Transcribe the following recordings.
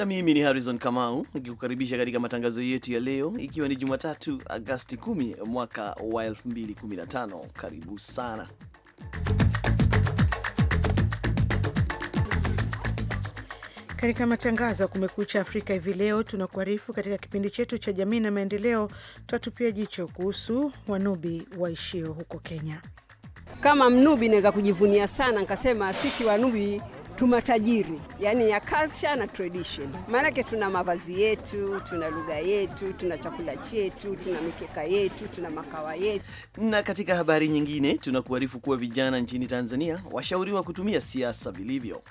na mimi ni Harrison Kamau nikikukaribisha katika matangazo yetu ya leo, ikiwa ni Jumatatu Agasti 10 mwaka wa 2015. Karibu sana katika matangazo ya Kumekucha Afrika hivi leo. Tunakuarifu katika kipindi chetu cha jamii na maendeleo, tutatupia jicho kuhusu Wanubi waishio huko Kenya. Kama Mnubi naweza kujivunia sana nikasema sisi Wanubi tu matajiri, yani ya culture na tradition. Maanake tuna mavazi yetu, tuna lugha yetu, tuna chakula chetu, tuna mikeka yetu, tuna makawa yetu. Na katika habari nyingine, tunakuarifu kuwa vijana nchini Tanzania washauriwa kutumia siasa vilivyo.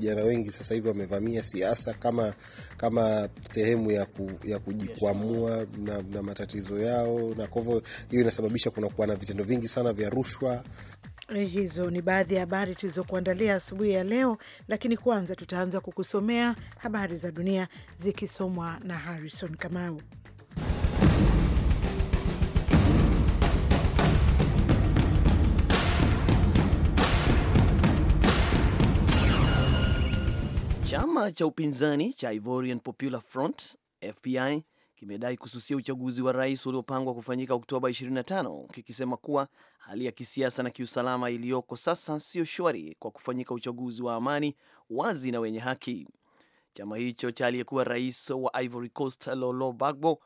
Vijana wengi sasa hivi wamevamia siasa kama kama sehemu ya, ku, ya kujikwamua na, na matatizo yao, na kwa hivyo hiyo inasababisha kuna kuwa na vitendo vingi sana vya rushwa Eh, hizo ni baadhi ya habari tulizokuandalia asubuhi ya leo, lakini kwanza tutaanza kukusomea habari za dunia zikisomwa na Harrison Kamau. Chama cha upinzani cha Ivorian Popular Front FPI kimedai kususia uchaguzi wa rais uliopangwa kufanyika Oktoba 25 kikisema kuwa hali ya kisiasa na kiusalama iliyoko sasa sio shwari kwa kufanyika uchaguzi wa amani, wazi na wenye haki. Chama hicho cha aliyekuwa rais wa Ivory Coast Lolo Bagbo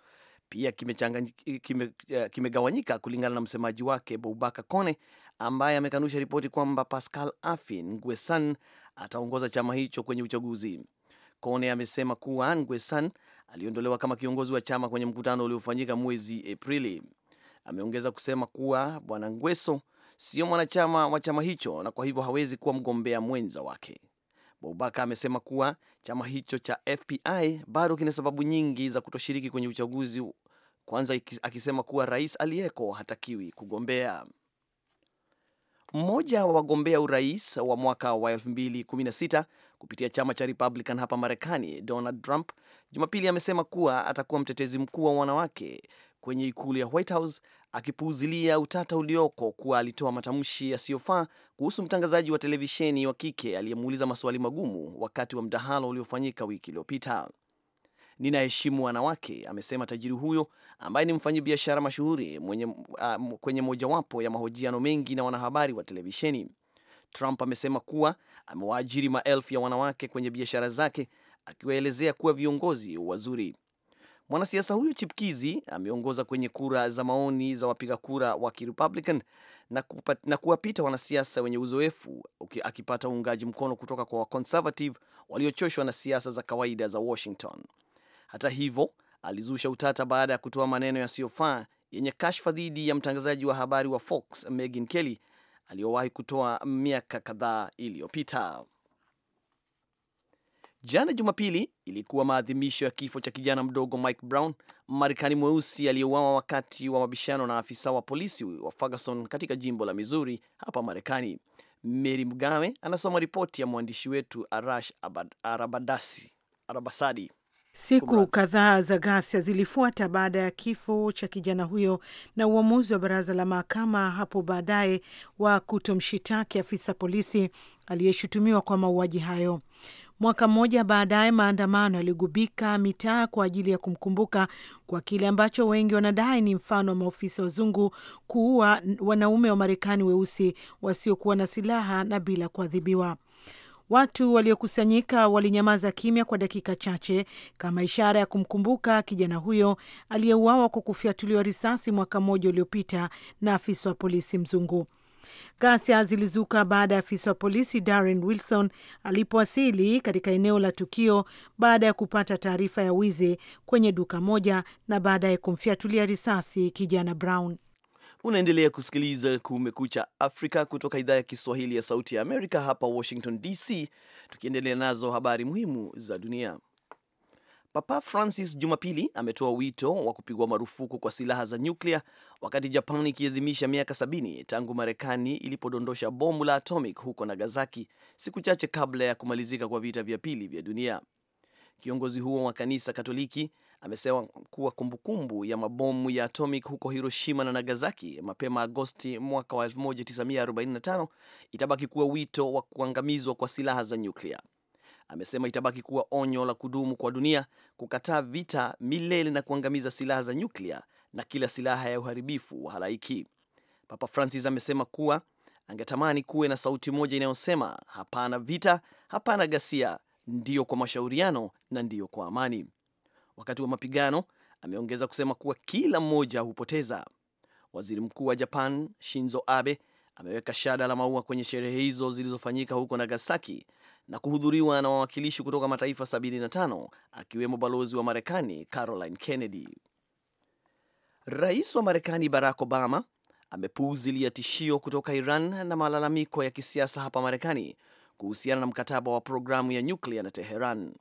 pia eh, kimegawanyika kime, kime kulingana na msemaji wake Boubaka Kone ambaye amekanusha ripoti kwamba Pascal Afin Ngwesan ataongoza chama hicho kwenye uchaguzi. Kone amesema kuwa nguesan aliondolewa kama kiongozi wa chama kwenye mkutano uliofanyika mwezi Aprili. Ameongeza kusema kuwa Bwana Ngweso sio mwanachama wa chama hicho na kwa hivyo hawezi kuwa mgombea mwenza wake. Bobaka amesema kuwa chama hicho cha FPI bado kina sababu nyingi za kutoshiriki kwenye uchaguzi, kwanza akisema kuwa rais aliyeko hatakiwi kugombea. Mmoja wa wagombea urais wa mwaka wa 2016 kupitia chama cha Republican hapa Marekani, Donald Trump Jumapili amesema kuwa atakuwa mtetezi mkuu wa wanawake kwenye ikulu ya White House, akipuuzilia utata ulioko kuwa alitoa matamshi yasiyofaa kuhusu mtangazaji wa televisheni wa kike aliyemuuliza maswali magumu wakati wa mdahalo uliofanyika wiki iliyopita ninaheshimu wanawake, amesema tajiri huyo ambaye ni mfanyabiashara mashuhuri mwenye, uh, kwenye mojawapo ya mahojiano mengi na wanahabari wa televisheni. Trump amesema kuwa amewaajiri maelfu ya wanawake kwenye biashara zake, akiwaelezea kuwa viongozi wazuri. Mwanasiasa huyo chipkizi ameongoza kwenye kura za maoni za wapiga kura wa Kirepublican na kuwapita wanasiasa wenye uzoefu akipata uungaji mkono kutoka kwa wakonservative waliochoshwa na siasa za kawaida za Washington. Hata hivyo, alizusha utata baada ya kutoa maneno yasiyofaa yenye kashfa dhidi ya mtangazaji wa habari wa Fox Megyn Kelly aliyowahi kutoa miaka kadhaa iliyopita. Jana Jumapili ilikuwa maadhimisho ya kifo cha kijana mdogo Mike Brown, Marekani mweusi aliyeuawa wakati wa mabishano na afisa wa polisi wa Ferguson katika jimbo la Missouri hapa Marekani. Mary Mgawe anasoma ripoti ya mwandishi wetu Arash Arabasadi. Siku kadhaa za ghasia zilifuata baada ya kifo cha kijana huyo na uamuzi wa baraza la mahakama hapo baadaye wa kutomshitaki afisa polisi aliyeshutumiwa kwa mauaji hayo. Mwaka mmoja baadaye, maandamano yaligubika mitaa kwa ajili ya kumkumbuka kwa kile ambacho wengi wanadai ni mfano wa maofisa wazungu kuua wanaume wa Marekani weusi wasiokuwa na silaha na bila kuadhibiwa. Watu waliokusanyika walinyamaza kimya kwa dakika chache kama ishara ya kumkumbuka kijana huyo aliyeuawa kwa kufyatuliwa risasi mwaka mmoja uliopita na afisa wa polisi mzungu. Ghasia zilizuka baada ya afisa wa polisi Darren Wilson alipowasili katika eneo la tukio baada ya kupata taarifa ya wizi kwenye duka moja na baadaye kumfyatulia risasi kijana Brown. Unaendelea kusikiliza Kumekucha Afrika kutoka idhaa ya Kiswahili ya Sauti ya Amerika hapa Washington DC, tukiendelea nazo habari muhimu za dunia. Papa Francis Jumapili ametoa wito wa kupigwa marufuku kwa silaha za nyuklia wakati Japan ikiadhimisha miaka 70 tangu Marekani ilipodondosha bomu la atomic huko Nagasaki siku chache kabla ya kumalizika kwa vita vya pili vya dunia. Kiongozi huo wa kanisa Katoliki amesema kuwa kumbukumbu ya mabomu ya atomic huko Hiroshima na Nagasaki mapema Agosti mwaka wa 1945 itabaki kuwa wito wa kuangamizwa kwa silaha za nyuklia. Amesema itabaki kuwa onyo la kudumu kwa dunia kukataa vita milele na kuangamiza silaha za nyuklia na kila silaha ya uharibifu wa halaiki. Papa Francis amesema kuwa angetamani kuwe na sauti moja inayosema hapana vita, hapana ghasia, ndiyo kwa mashauriano na ndiyo kwa amani wakati wa mapigano. Ameongeza kusema kuwa kila mmoja hupoteza. Waziri Mkuu wa Japan Shinzo Abe ameweka shada la maua kwenye sherehe hizo zilizofanyika huko Nagasaki na kuhudhuriwa na wawakilishi kutoka mataifa 75 akiwemo balozi wa Marekani Caroline Kennedy. Rais wa Marekani Barack Obama amepuuzilia tishio kutoka Iran na malalamiko ya kisiasa hapa Marekani kuhusiana na mkataba wa programu ya nyuklia na Teheran.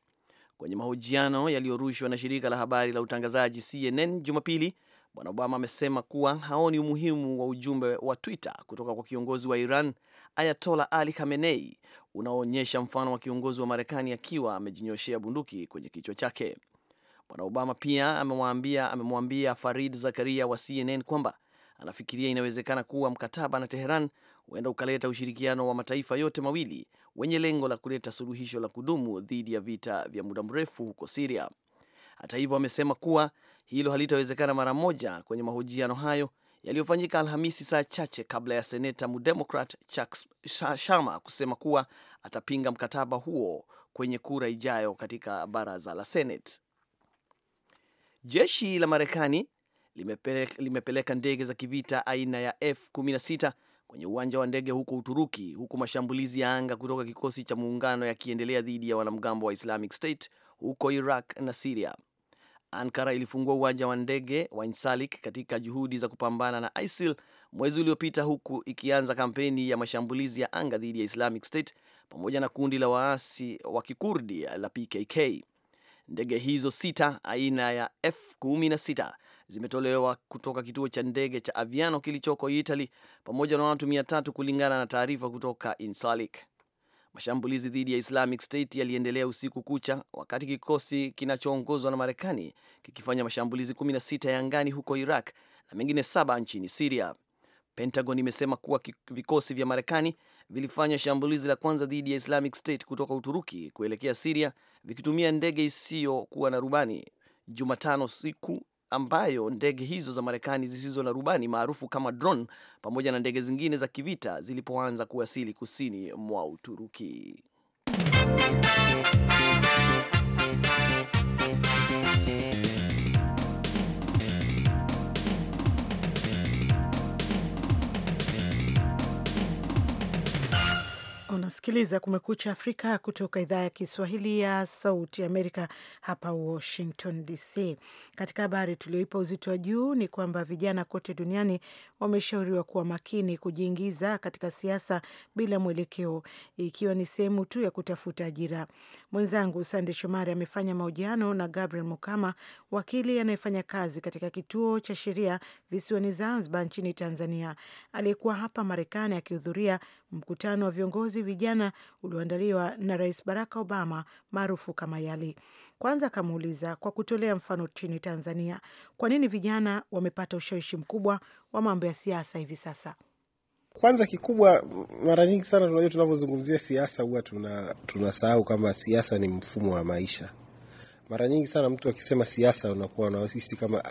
Kwenye mahojiano yaliyorushwa na shirika la habari la utangazaji CNN Jumapili, Bwana Obama amesema kuwa haoni umuhimu wa ujumbe wa Twitter kutoka kwa kiongozi wa Iran Ayatola Ali Khamenei unaoonyesha mfano wa kiongozi wa Marekani akiwa amejinyoshea bunduki kwenye kichwa chake. Bwana Obama pia amemwambia amemwambia Farid Zakaria wa CNN kwamba anafikiria inawezekana kuwa mkataba na Teheran huenda ukaleta ushirikiano wa mataifa yote mawili wenye lengo la kuleta suluhisho la kudumu dhidi ya vita vya muda mrefu huko Siria. Hata hivyo, amesema kuwa hilo halitawezekana mara moja kwenye mahojiano hayo yaliyofanyika Alhamisi saa chache kabla ya seneta mdemokrat Chuck Sharma kusema kuwa atapinga mkataba huo kwenye kura ijayo katika baraza la Senate. Jeshi la Marekani limepeleka, limepeleka ndege za kivita aina ya F16 kwenye uwanja wa ndege huko Uturuki, huku mashambulizi ya anga kutoka kikosi cha muungano yakiendelea dhidi ya wanamgambo wa Islamic State huko Iraq na Siria. Ankara ilifungua uwanja wa ndege wa Insalik katika juhudi za kupambana na ISIL mwezi uliopita, huku ikianza kampeni ya mashambulizi ya anga dhidi ya Islamic State pamoja na kundi la waasi wa kikurdi la PKK. Ndege hizo sita aina ya F16 zimetolewa kutoka kituo cha ndege cha Aviano kilichoko Italy pamoja na watu mia tatu kulingana na taarifa kutoka Insalik. Mashambulizi dhidi ya Islamic State yaliendelea usiku kucha wakati kikosi kinachoongozwa na Marekani kikifanya mashambulizi 16 ya angani huko Iraq na mengine saba nchini Siria. Pentagon imesema kuwa vikosi vya Marekani vilifanya shambulizi la kwanza dhidi ya Islamic State kutoka Uturuki kuelekea Siria vikitumia ndege isiyokuwa na rubani Jumatano siku ambayo ndege hizo za Marekani zisizo na rubani maarufu kama drone pamoja na ndege zingine za kivita zilipoanza kuwasili kusini mwa Uturuki. unasikiliza Kumekucha Afrika kutoka idhaa ya Kiswahili ya Sauti Amerika hapa Washington DC. Katika habari tulioipa uzito wa juu ni kwamba vijana kote duniani wameshauriwa kuwa makini kujiingiza katika siasa bila mwelekeo, ikiwa ni sehemu tu ya kutafuta ajira. Mwenzangu Sande Shomari amefanya mahojiano na Gabriel Mukama, wakili anayefanya kazi katika kituo cha sheria visiwani Zanzibar nchini Tanzania, aliyekuwa hapa Marekani akihudhuria mkutano wa viongozi vijana jana ulioandaliwa na Rais Barack Obama maarufu kama YALI. Kwanza akamuuliza kwa kutolea mfano chini Tanzania, kwa nini vijana wamepata ushawishi mkubwa wa mambo ya siasa hivi sasa? Kwanza kikubwa, mara nyingi sana tunajua, tunavyozungumzia siasa huwa tunasahau tuna kwamba siasa ni mfumo wa maisha. Mara nyingi sana mtu akisema siasa unakuwa unahisi kama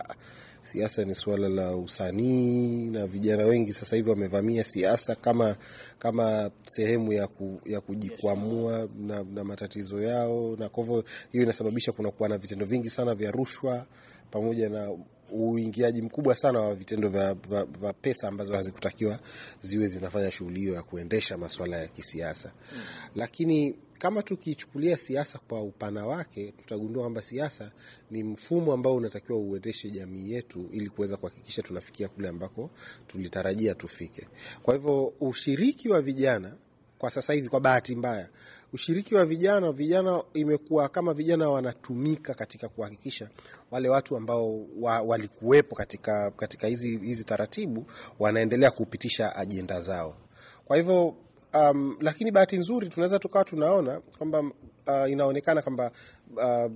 siasa ni suala la usanii, na vijana wengi sasa hivi wamevamia siasa kama, kama sehemu ya, ku, ya kujikwamua na, na matatizo yao, na kwa hivyo hiyo inasababisha kunakuwa na vitendo vingi sana vya rushwa pamoja na uingiaji mkubwa sana wa vitendo vya, vya, vya pesa ambazo hazikutakiwa ziwe zinafanya shughuli hiyo ya kuendesha masuala ya kisiasa, hmm. lakini kama tukichukulia siasa kwa upana wake, tutagundua kwamba siasa ni mfumo ambao unatakiwa uendeshe jamii yetu ili kuweza kuhakikisha tunafikia kule ambako tulitarajia tufike. Kwa hivyo ushiriki wa vijana kwa sasa hivi, kwa bahati mbaya, ushiriki wa vijana vijana imekuwa kama vijana wanatumika katika kuhakikisha wale watu ambao wa, walikuwepo katika, katika hizi, hizi taratibu wanaendelea kupitisha ajenda zao. Kwa hivyo um, lakini bahati nzuri tunaweza tukawa tunaona kwamba uh, inaonekana kwamba uh,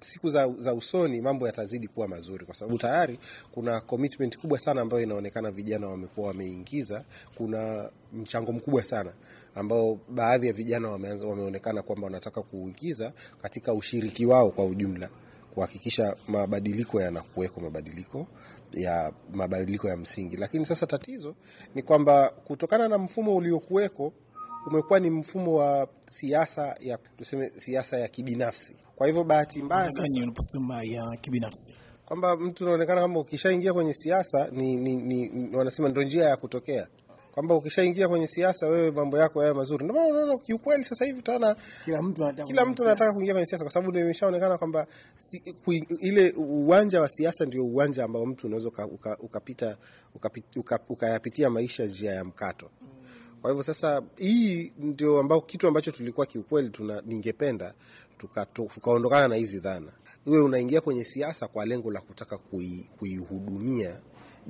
siku za, za usoni mambo yatazidi kuwa mazuri kwa sababu tayari kuna commitment kubwa sana ambayo inaonekana vijana wamekuwa wameingiza. Kuna mchango mkubwa sana ambao baadhi ya vijana wame, wameonekana kwamba wanataka kuuingiza katika ushiriki wao kwa ujumla kuhakikisha mabadiliko yanakuweko, mabadiliko ya mabadiliko ya msingi. Lakini sasa tatizo ni kwamba kutokana na mfumo uliokuweko umekuwa ni mfumo wa siasa ya tuseme, siasa ya kibinafsi. Kwa hivyo bahati mbaya unaposema ya kibinafsi kwamba mtu unaonekana kama ukishaingia kwenye siasa ni, ni, ni, wanasema ndo njia ya kutokea kwamba ukishaingia kwenye siasa wewe mambo yako yawe mazuri. Ndio maana unaona kiukweli sasa hivi utaona kila mtu anataka kila mtu anataka kuingia kwenye siasa, kwa sababu ndio imeshaonekana kwamba si, ile uwanja wa siasa ndio uwanja ambao mtu unaweza ukapita ukayapitia uka, uka, uka maisha njia ya mkato. Kwa hivyo sasa, hii ndio ambao kitu ambacho tulikuwa kiukweli tuna ningependa tukaondokana tuka na hizi dhana, iwe unaingia kwenye siasa kwa lengo la kutaka kuihudumia kui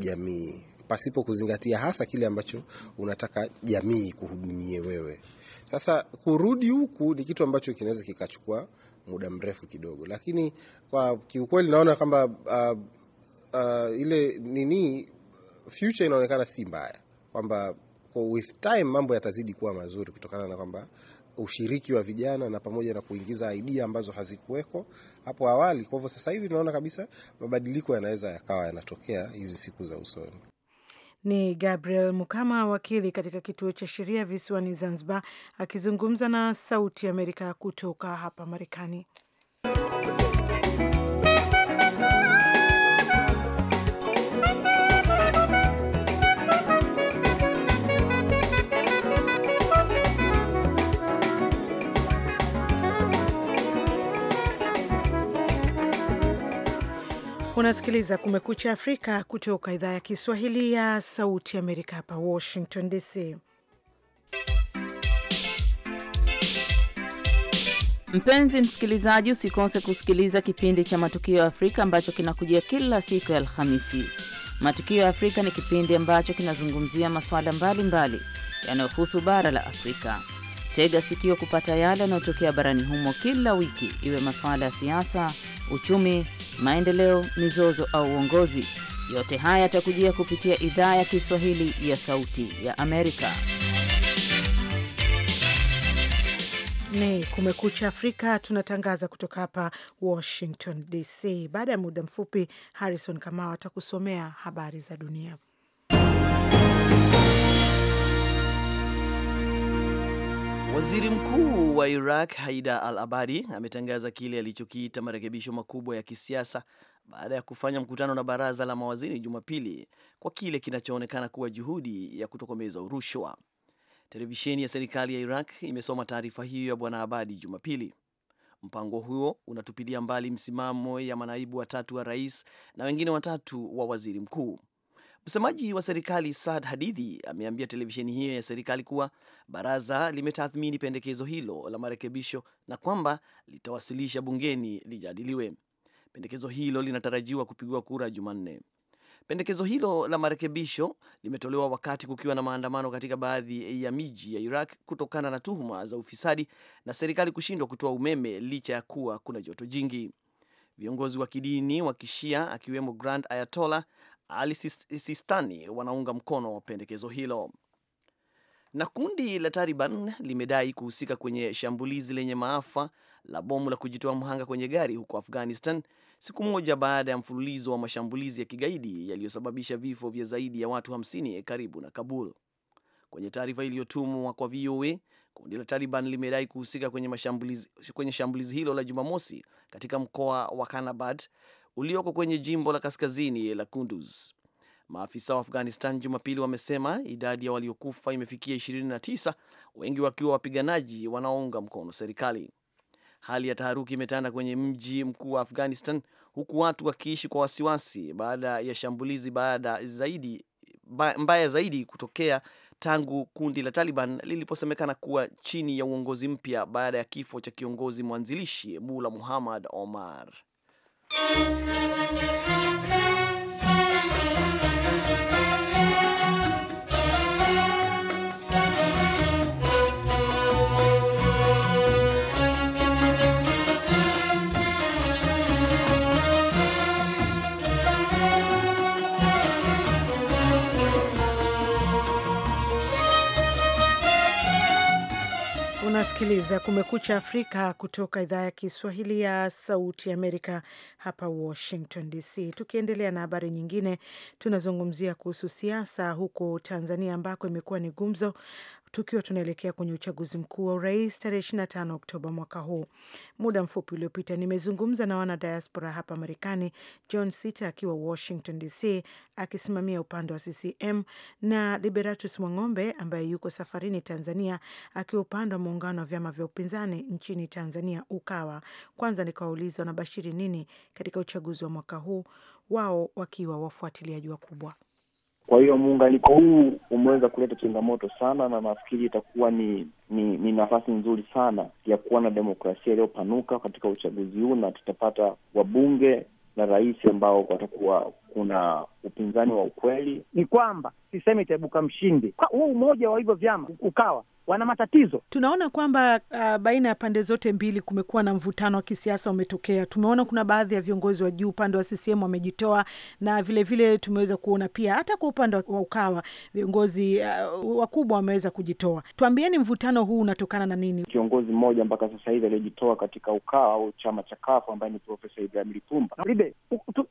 jamii pasipo kuzingatia hasa kile ambacho unataka jamii kuhudumie wewe. Sasa kurudi huku ni kitu ambacho kinaweza kikachukua muda mrefu kidogo, lakini kwa kiukweli naona kwamba uh, uh, ile nini future inaonekana si mbaya, kwamba kwa with time mambo yatazidi kuwa mazuri kutokana na kwamba ushiriki wa vijana na pamoja na kuingiza idea ambazo hazikuweko hapo awali. Kwa hivyo sasa hivi tunaona kabisa mabadiliko yanaweza yakawa yanatokea hizi siku za usoni. Ni Gabriel Mukama, wakili katika kituo cha sheria visiwani Zanzibar, akizungumza na Sauti Amerika kutoka hapa Marekani. Unasikiliza Kumekucha Afrika kutoka idhaa ya Kiswahili ya Sauti Amerika, hapa Washington DC. Mpenzi msikilizaji, usikose kusikiliza kipindi cha Matukio ya Afrika ambacho kinakujia kila siku ya Alhamisi. Matukio ya Afrika ni kipindi ambacho kinazungumzia masuala mbalimbali yanayohusu bara la Afrika. Tega sikio kupata yale yanayotokea barani humo kila wiki, iwe masuala ya siasa, uchumi maendeleo, mizozo au uongozi. Yote haya yatakujia kupitia idhaa ya Kiswahili ya Sauti ya Amerika. Ni Kumekucha Afrika, tunatangaza kutoka hapa Washington DC. Baada ya muda mfupi, Harrison Kamau atakusomea habari za dunia. Waziri Mkuu wa Iraq Haida al-Abadi ametangaza kile alichokiita marekebisho makubwa ya kisiasa baada ya kufanya mkutano na baraza la mawaziri Jumapili kwa kile kinachoonekana kuwa juhudi ya kutokomeza rushwa. Televisheni ya serikali ya Iraq imesoma taarifa hiyo ya Bwana Abadi Jumapili. Mpango huo unatupilia mbali msimamo ya manaibu watatu wa rais na wengine watatu wa waziri mkuu. Msemaji wa serikali Saad hadidhi ameambia televisheni hiyo ya serikali kuwa baraza limetathmini pendekezo hilo la marekebisho na kwamba litawasilisha bungeni lijadiliwe. Pendekezo hilo linatarajiwa kupigiwa kura Jumanne. Pendekezo hilo la marekebisho limetolewa wakati kukiwa na maandamano katika baadhi ya miji ya Iraq kutokana na tuhuma za ufisadi na serikali kushindwa kutoa umeme licha ya kuwa kuna joto jingi. Viongozi wa kidini wa Kishia akiwemo Grand Ayatollah ali Sistani wanaunga mkono pendekezo hilo. Na kundi la Taliban limedai kuhusika kwenye shambulizi lenye maafa la bomu la kujitoa mhanga kwenye gari huko Afghanistan, siku moja baada ya mfululizo wa mashambulizi ya kigaidi yaliyosababisha vifo vya zaidi ya watu 50 karibu na Kabul. Kwenye taarifa iliyotumwa kwa VOA, kundi la Taliban limedai kuhusika kwenye, kwenye shambulizi hilo la Jumamosi katika mkoa wa Kanabad ulioko kwenye jimbo la kaskazini la Kunduz. Maafisa wa Afghanistan Jumapili wamesema idadi ya waliokufa imefikia 29, wengi wakiwa wapiganaji wanaounga mkono serikali. Hali ya taharuki imetanda kwenye mji mkuu wa Afghanistan, huku watu wakiishi kwa wasiwasi baada ya shambulizi baada zaidi, mbaya zaidi kutokea tangu kundi la Taliban liliposemekana kuwa chini ya uongozi mpya baada ya kifo cha kiongozi mwanzilishi Mula Muhammad Omar. Thank you. Unasikiliza Kumekucha Afrika kutoka idhaa ya Kiswahili ya Sauti Amerika hapa Washington DC. Tukiendelea na habari nyingine, tunazungumzia kuhusu siasa huko Tanzania ambako imekuwa ni gumzo tukiwa tunaelekea kwenye uchaguzi mkuu wa urais tarehe 25 Oktoba mwaka huu. Muda mfupi uliopita nimezungumza na wana diaspora hapa Marekani, John Sita akiwa Washington DC akisimamia upande wa CCM na Liberatus Mwang'ombe ambaye yuko safarini Tanzania akiwa upande wa muungano wa vyama vya upinzani nchini Tanzania, UKAWA. Kwanza nikawauliza wanabashiri nini katika uchaguzi wa mwaka huu, wao wakiwa wafuatiliaji wakubwa. Kwa hiyo muunganiko huu umeweza kuleta changamoto sana, na nafikiri itakuwa ni, ni ni nafasi nzuri sana ya kuwa na demokrasia iliyopanuka katika uchaguzi huu, na tutapata wabunge na rais ambao watakuwa kuna upinzani wa ukweli. Ni kwamba sisemi itaibuka mshindi, huu umoja wa hivyo vyama ukawa wana matatizo. Tunaona kwamba uh, baina ya pande zote mbili kumekuwa na mvutano wa kisiasa umetokea. Tumeona kuna baadhi ya viongozi wa juu upande wa CCM wamejitoa, na vilevile vile tumeweza kuona pia hata kwa upande wa Ukawa viongozi uh, wakubwa wameweza kujitoa. Tuambieni, mvutano huu unatokana na nini? Kiongozi mmoja mpaka sasa hivi aliyejitoa katika Ukawa au chama cha Kafu ambaye ni Profesa Ibrahim Lipumba.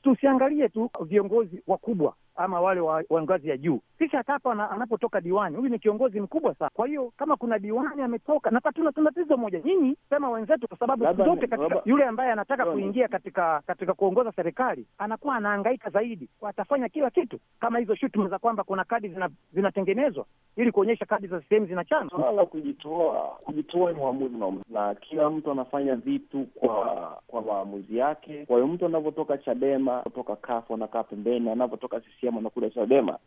Tusiangalie tu viongozi wakubwa ama wale wa, wa ngazi ya juu. kisha hata hapa anapotoka diwani, huyu ni kiongozi mkubwa sana, kwa hiyo kama kuna diwani ametoka na tuna tatizo moja, nyinyi sema wenzetu, kwa sababu siku zote katika yule ambaye anataka kuingia katika katika kuongoza serikali anakuwa anahangaika zaidi, atafanya kila kitu, kama hizo shutuma za kwamba kuna kadi zinatengenezwa zina ili kuonyesha kadi za sehemu zinachana. Swala la kujitoa, kujitoa ni uamuzi na kila mtu anafanya vitu kwa kwa maamuzi yake. Kwa hiyo mtu anavyotoka Chadema, kutoka kafu anakaa pembeni, anavyotoka CCM anakuja Chadema,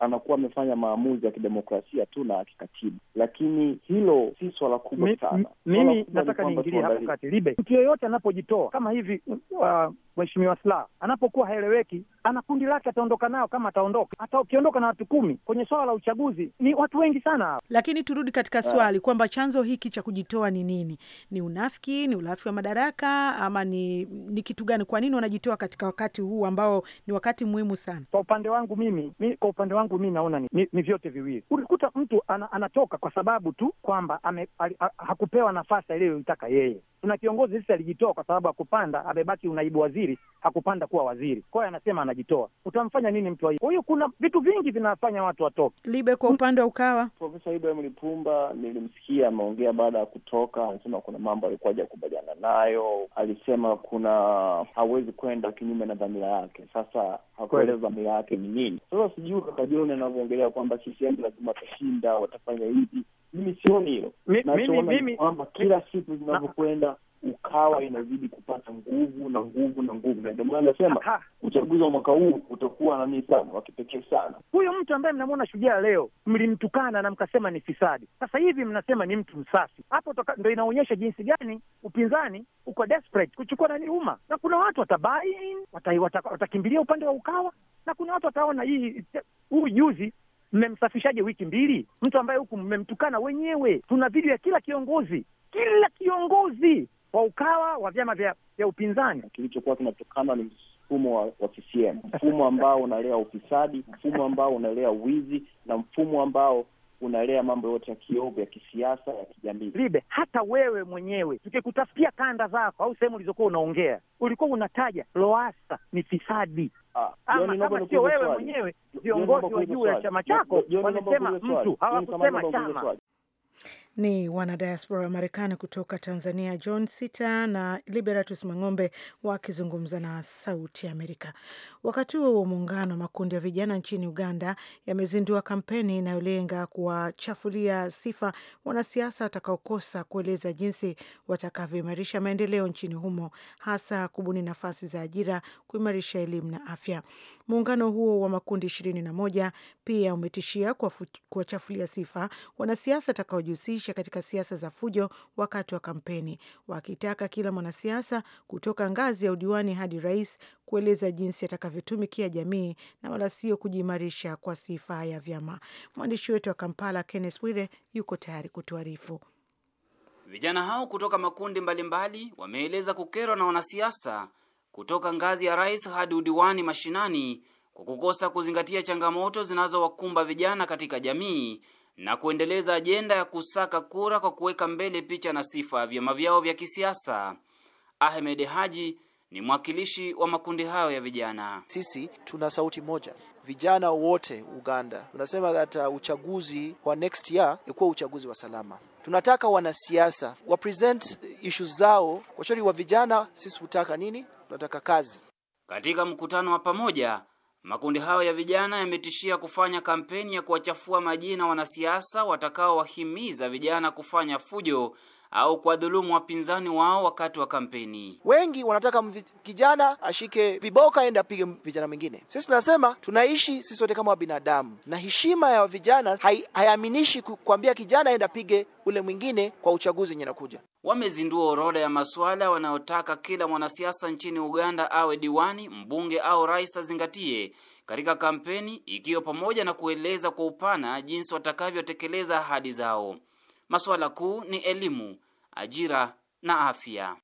anakuwa amefanya maamuzi ya kidemokrasia tu na kikatiba, lakini lakini hilo si swala kubwa sana. Mimi nataka niingilie hapo kati libe, mtu yeyote anapojitoa kama hivi uh, Mheshimiwa Slaa anapokuwa haeleweki, ana kundi lake, ataondoka nao kama ataondoka. Hata ukiondoka na watu kumi kwenye swala la uchaguzi, ni watu wengi sana Lakini turudi katika ah. swali kwamba chanzo hiki cha kujitoa ni nini? Ni unafiki? Ni ulafi wa madaraka? Ama ni ni kitu gani? Kwa nini wanajitoa katika wakati huu ambao ni wakati muhimu sana? Kwa upande wangu mimi, mi, kwa upande wangu mimi naona ni, ni, ni vyote viwili. Ulikuta mtu ana, anatoka kwa sababu sababu tu kwamba hakupewa nafasi aliyoitaka yeye. Tuna kiongozi sisi alijitoa kwa sababu hakupanda, amebaki unaibu waziri, hakupanda kuwa waziri, kwa hiyo anasema anajitoa. Utamfanya nini mtu hiyo? Kwa hiyo kuna vitu vingi vinafanya watu watoke. Libe, kwa upande wa Ukawa, Profesa Ibrahim Lipumba nilimsikia ameongea baada ya kutoka, anasema kuna mambo alikuwa hajakubaliana nayo, alisema kuna hawezi kwenda kinyume na dhamira yake. Sasa hakueleza dhamira yake ni nini. Sasa sijui kaka John anavyoongelea kwamba CCM lazima atashinda, watafanya hivi mimi sioni hilo. Nachoona kwamba kila siku zinavyokwenda Ukawa inazidi kupata nguvu na nguvu na nguvu, na ndio maana nasema uchaguzi wa mwaka huu utakuwa nanii sana wa kipekee sana. Huyu mtu ambaye mnamwona shujaa leo, mlimtukana na mkasema ni fisadi, sasa hivi mnasema ni mtu msafi. Hapo ndo inaonyesha jinsi gani upinzani uko desperate kuchukua nani umma, na kuna watu watabai watakimbilia wata, wata upande wa Ukawa, na kuna watu wataona hii huu juzi mmemsafishaje wiki mbili? Mtu ambaye huku mmemtukana wenyewe, tuna video ya kila kiongozi, kila kiongozi wa Ukawa, wa vyama vya vya upinzani. Kilichokuwa kinatukana ni mfumo wa, wa CCM, mfumo ambao unalea ufisadi, mfumo ambao unalea wizi na mfumo ambao unalea mambo yote ya kiovu ya kisiasa ya kijamii. Libe, hata wewe mwenyewe tukikutafutia kanda zako au sehemu ulizokuwa unaongea, ulikuwa unataja Loasa ni fisadi. Ah, yaani sio wewe mwenyewe, yaani viongozi wa juu ya chama chako yaani wanasema mtu, hawakusema chama. Ni wanadiaspora wa Marekani kutoka Tanzania, John Sita na Liberatus Mang'ombe wakizungumza na Sauti ya Amerika. Wakati huo huo, muungano wa makundi ya vijana nchini Uganda yamezindua kampeni inayolenga kuwachafulia sifa wanasiasa watakaokosa kueleza jinsi watakavyoimarisha maendeleo nchini humo, hasa kubuni nafasi za ajira, kuimarisha elimu na afya. Muungano huo wa makundi ishirini na moja pia umetishia kuwachafulia sifa wanasiasa watakaojihusisha kujihusisha katika siasa za fujo wakati wa kampeni, wakitaka kila mwanasiasa kutoka ngazi ya udiwani hadi rais kueleza jinsi atakavyotumikia jamii na wala sio kujiimarisha kwa sifa ya vyama. Mwandishi wetu wa Kampala, Kenneth Wire, yuko tayari kutuarifu. Vijana hao kutoka makundi mbalimbali wameeleza kukerwa na wanasiasa kutoka ngazi ya rais hadi udiwani mashinani kwa kukosa kuzingatia changamoto zinazowakumba vijana katika jamii na kuendeleza ajenda ya kusaka kura kwa kuweka mbele picha na sifa ya vyama vyao vya kisiasa. Ahmed Haji ni mwakilishi wa makundi hayo ya vijana. Sisi tuna sauti moja, vijana wote Uganda tunasema that uh, uchaguzi wa next year ikuwa uchaguzi wa salama. Tunataka wanasiasa wa present issues zao kwa shauri wa vijana. Sisi hutaka nini? Tunataka kazi. Katika mkutano wa pamoja Makundi hayo ya vijana yametishia kufanya kampeni ya kuwachafua majina wanasiasa watakaowahimiza vijana kufanya fujo au kuwadhulumu wapinzani wao wakati wa kampeni. Wengi wanataka kijana ashike viboka aende apige vijana mwingine. Sisi tunasema tunaishi sisi wote kama binadamu, na heshima ya vijana haiaminishi kuambia kijana aende apige ule mwingine kwa uchaguzi wenye nakuja. Wamezindua orodha ya masuala wanayotaka kila mwanasiasa nchini Uganda awe diwani, mbunge au rais azingatie katika kampeni, ikiwa pamoja na kueleza kwa upana jinsi watakavyotekeleza ahadi zao. Masuala kuu ni elimu, ajira na afya.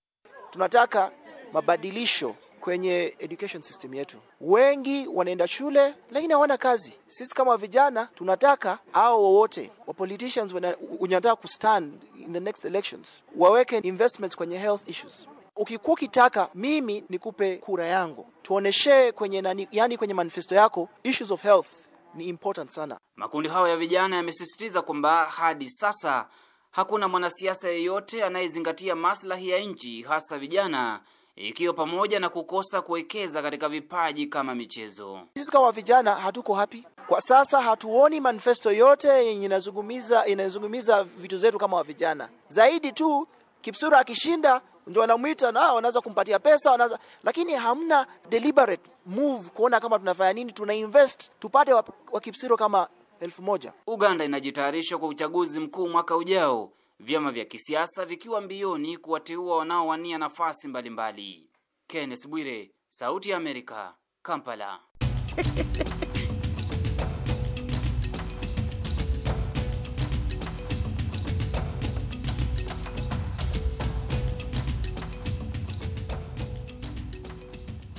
Tunataka mabadilisho kwenye education system yetu. Wengi wanaenda shule lakini hawana kazi. Sisi kama vijana tunataka hao wowote wa politicians wanataka kustand in the next elections waweke investments kwenye health issues. Ukikuwa ukitaka mimi nikupe kura yangu, tuoneshe kwenye nani, yani kwenye manifesto yako issues of health ni important sana. Makundi hayo ya vijana yamesisitiza kwamba hadi sasa hakuna mwanasiasa yeyote anayezingatia maslahi ya nchi, hasa vijana, ikiwa pamoja na kukosa kuwekeza katika vipaji kama michezo. Sisi kama vijana hatuko hapi kwa sasa, hatuoni manifesto yote yenye inazungumiza inazungumiza vitu zetu kama vijana zaidi tu. Kipsura akishinda ndio wanamwita na wanaweza kumpatia pesa wanaweza, lakini hamna deliberate move kuona kama tunafanya nini, tuna invest tupate Wakipsiro kama elfu moja. Uganda inajitayarisha kwa uchaguzi mkuu mwaka ujao, vyama vya kisiasa vikiwa mbioni kuwateua wanaowania nafasi mbalimbali. Kenneth Bwire, Sauti ya Amerika, Kampala.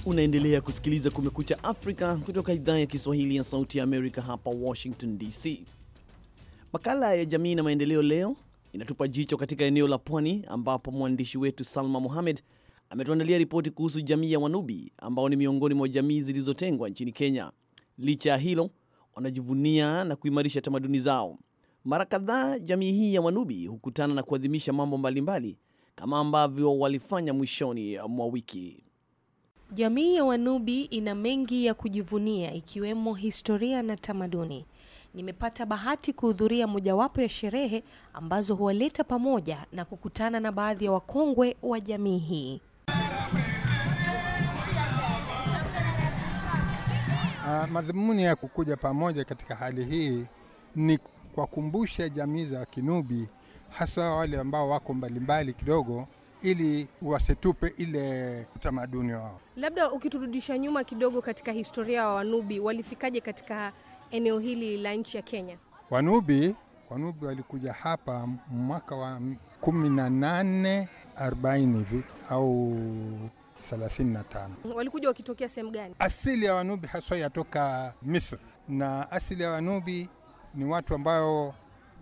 Unaendelea kusikiliza Kumekucha Afrika kutoka idhaa ya Kiswahili ya Sauti ya Amerika, hapa Washington DC. Makala ya jamii na maendeleo leo inatupa jicho katika eneo la pwani, ambapo mwandishi wetu Salma Mohamed ametuandalia ripoti kuhusu jamii ya Wanubi ambao ni miongoni mwa jamii zilizotengwa nchini Kenya. Licha ya hilo, wanajivunia na kuimarisha tamaduni zao. Mara kadhaa jamii hii ya Wanubi hukutana na kuadhimisha mambo mbalimbali kama ambavyo walifanya mwishoni mwa wiki. Jamii ya Wanubi ina mengi ya kujivunia ikiwemo historia na tamaduni. Nimepata bahati kuhudhuria mojawapo ya sherehe ambazo huwaleta pamoja na kukutana na baadhi ya wakongwe wa jamii hii. Uh, madhumuni ya kukuja pamoja katika hali hii ni kuwakumbusha jamii za Kinubi hasa wale ambao wako mbalimbali kidogo ili wasitupe ile utamaduni wao. Labda ukiturudisha nyuma kidogo katika historia wa Wanubi, walifikaje katika eneo hili la nchi ya Kenya? Wanubi Wanubi walikuja hapa mwaka wa 1840 hivi au 35. Walikuja wakitokea sehemu gani? Asili ya Wanubi haswa yatoka Misri, na asili ya Wanubi ni watu ambao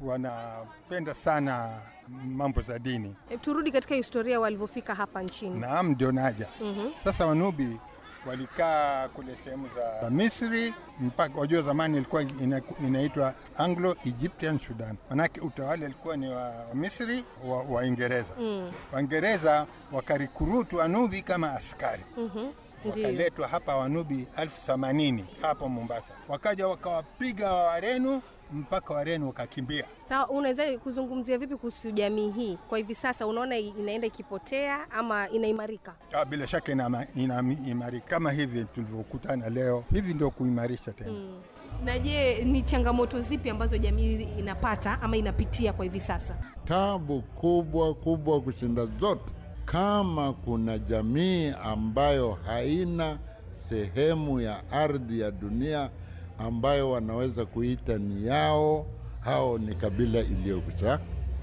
wanapenda sana mambo za dini. E, turudi katika historia walivyofika hapa nchini. Naam, ndio naja. mm -hmm. Sasa Wanubi walikaa kule sehemu za Misri mpaka wajua, zamani ilikuwa ina, inaitwa Anglo Egyptian Sudan, manake utawala ilikuwa ni wa Misri wa Waingereza. mm. Waingereza wakarikurutu Wanubi kama askari. mm -hmm. Wakaletwa hapa Wanubi elfu themanini hapo Mombasa, wakaja wakawapiga Warenu mpaka Wareno wakakimbia. Sawa, unaweza kuzungumzia vipi kuhusu jamii hii kwa hivi sasa? Unaona inaenda ikipotea ama inaimarika? Ah, bila shaka inaimarika, kama hivi tulivyokutana leo, hivi ndio kuimarisha tena mm. Na je, ni changamoto zipi ambazo jamii inapata ama inapitia kwa hivi sasa? Tabu kubwa kubwa kushinda zote, kama kuna jamii ambayo haina sehemu ya ardhi ya dunia ambayo wanaweza kuita ni yao. Hao ni kabila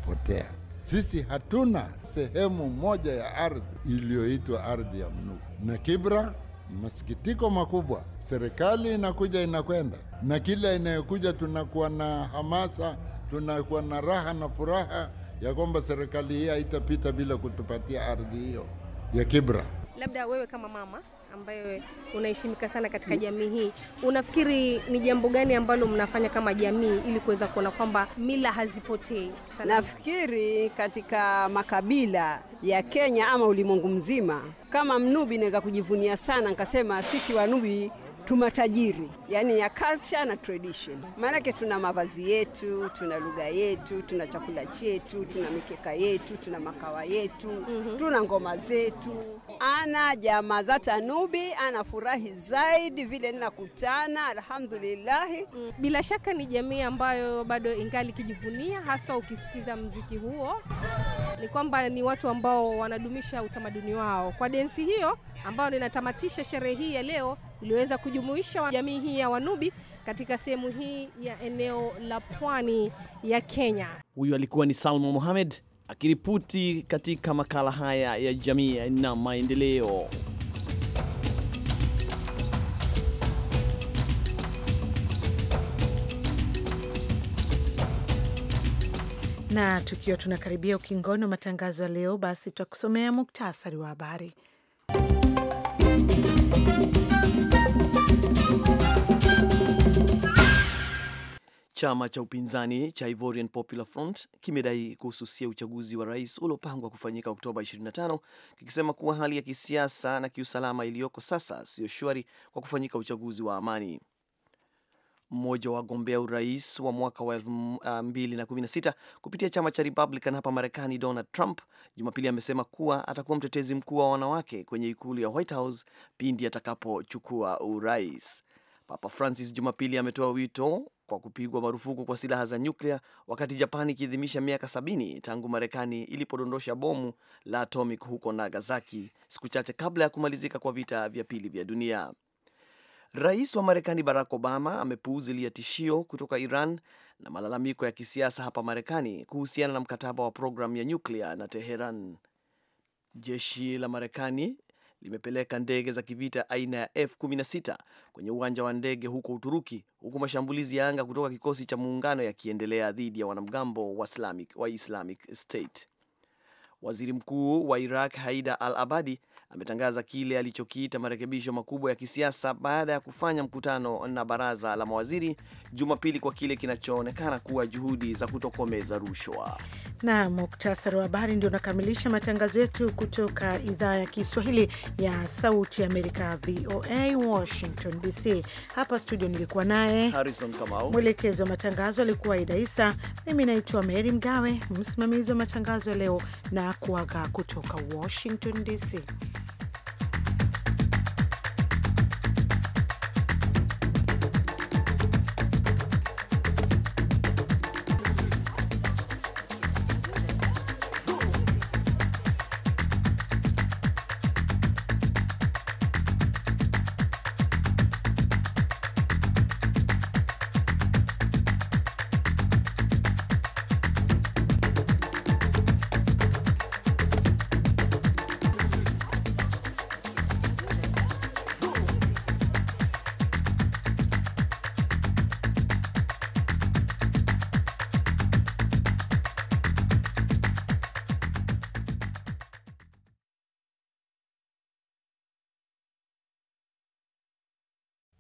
potea Sisi hatuna sehemu moja ya ardhi iliyoitwa ardhi ya mnuku na Kibra. Masikitiko makubwa, serikali inakuja inakwenda, na kila inayokuja tunakuwa na hamasa, tunakuwa na raha na furaha ya kwamba serikali hii haitapita bila kutupatia ardhi hiyo ya Kibra. Labda wewe kama mama ambayo unaheshimika sana katika jamii hii, unafikiri ni jambo gani ambalo mnafanya kama jamii ili kuweza kuona kwamba mila hazipotei? Nafikiri katika makabila ya Kenya ama ulimwengu mzima, kama Mnubi naweza kujivunia sana nikasema sisi Wanubi tu matajiri, yani ya culture na tradition. Maanake tuna mavazi yetu, tuna lugha yetu, tuna chakula chetu, tuna mikeka yetu, tuna makawa yetu mm -hmm. tuna ngoma zetu. Ana jamaa za Tanubi anafurahi zaidi vile ninakutana, alhamdulillahi. Mm. Bila shaka ni jamii ambayo bado ingali kijivunia, haswa ukisikiza mziki huo ni kwamba ni watu ambao wanadumisha utamaduni wao. Kwa densi hiyo ambayo ninatamatisha sherehe hii ya leo uliweza kujumuisha jamii hii ya Wanubi katika sehemu hii ya eneo la pwani ya Kenya. Huyu alikuwa ni Salma Mohamed akiripoti katika makala haya ya jamii na maendeleo. Na tukiwa tunakaribia ukingoni wa matangazo ya leo, basi tutakusomea muktasari wa habari. Chama cha upinzani cha Ivorian Popular Front kimedai kuhususia uchaguzi wa rais uliopangwa kufanyika Oktoba 25 kikisema kuwa hali ya kisiasa na kiusalama iliyoko sasa siyo shwari kwa kufanyika uchaguzi wa amani. Mmoja wa wagombea urais wa mwaka wa 2016 ah, kupitia chama cha Republican hapa Marekani, Donald Trump Jumapili amesema kuwa atakuwa mtetezi mkuu wa wanawake kwenye ikulu ya White House pindi atakapochukua urais. Papa Francis Jumapili ametoa wito kwa kupigwa marufuku kwa silaha za nyuklia wakati Japan ikiadhimisha miaka sabini tangu Marekani ilipodondosha bomu la atomic huko Nagasaki siku chache kabla ya kumalizika kwa vita vya pili vya dunia. Rais wa Marekani Barack Obama amepuuzilia tishio kutoka Iran na malalamiko ya kisiasa hapa Marekani kuhusiana na mkataba wa programu ya nyuklia na Teheran. Jeshi la Marekani limepeleka ndege za kivita aina ya F-16 kwenye uwanja wa ndege huko Uturuki, huku mashambulizi ya anga kutoka kikosi cha muungano yakiendelea dhidi ya wanamgambo wa Islamic, wa Islamic State. Waziri Mkuu wa Iraq Haida al Abadi ametangaza kile alichokiita marekebisho makubwa ya kisiasa baada ya kufanya mkutano na baraza la mawaziri Jumapili kwa kile kinachoonekana kuwa juhudi za kutokomeza rushwa. Na muktasari wa habari ndio unakamilisha matangazo yetu kutoka idhaa ya Kiswahili ya Sauti Amerika, VOA Washington DC. Hapa studio nilikuwa naye Harrison Kamau, mwelekezi wa matangazo alikuwa Aida Isa, mimi naitwa Mary Mgawe, msimamizi wa matangazo ya leo na kuaga kutoka Washington DC.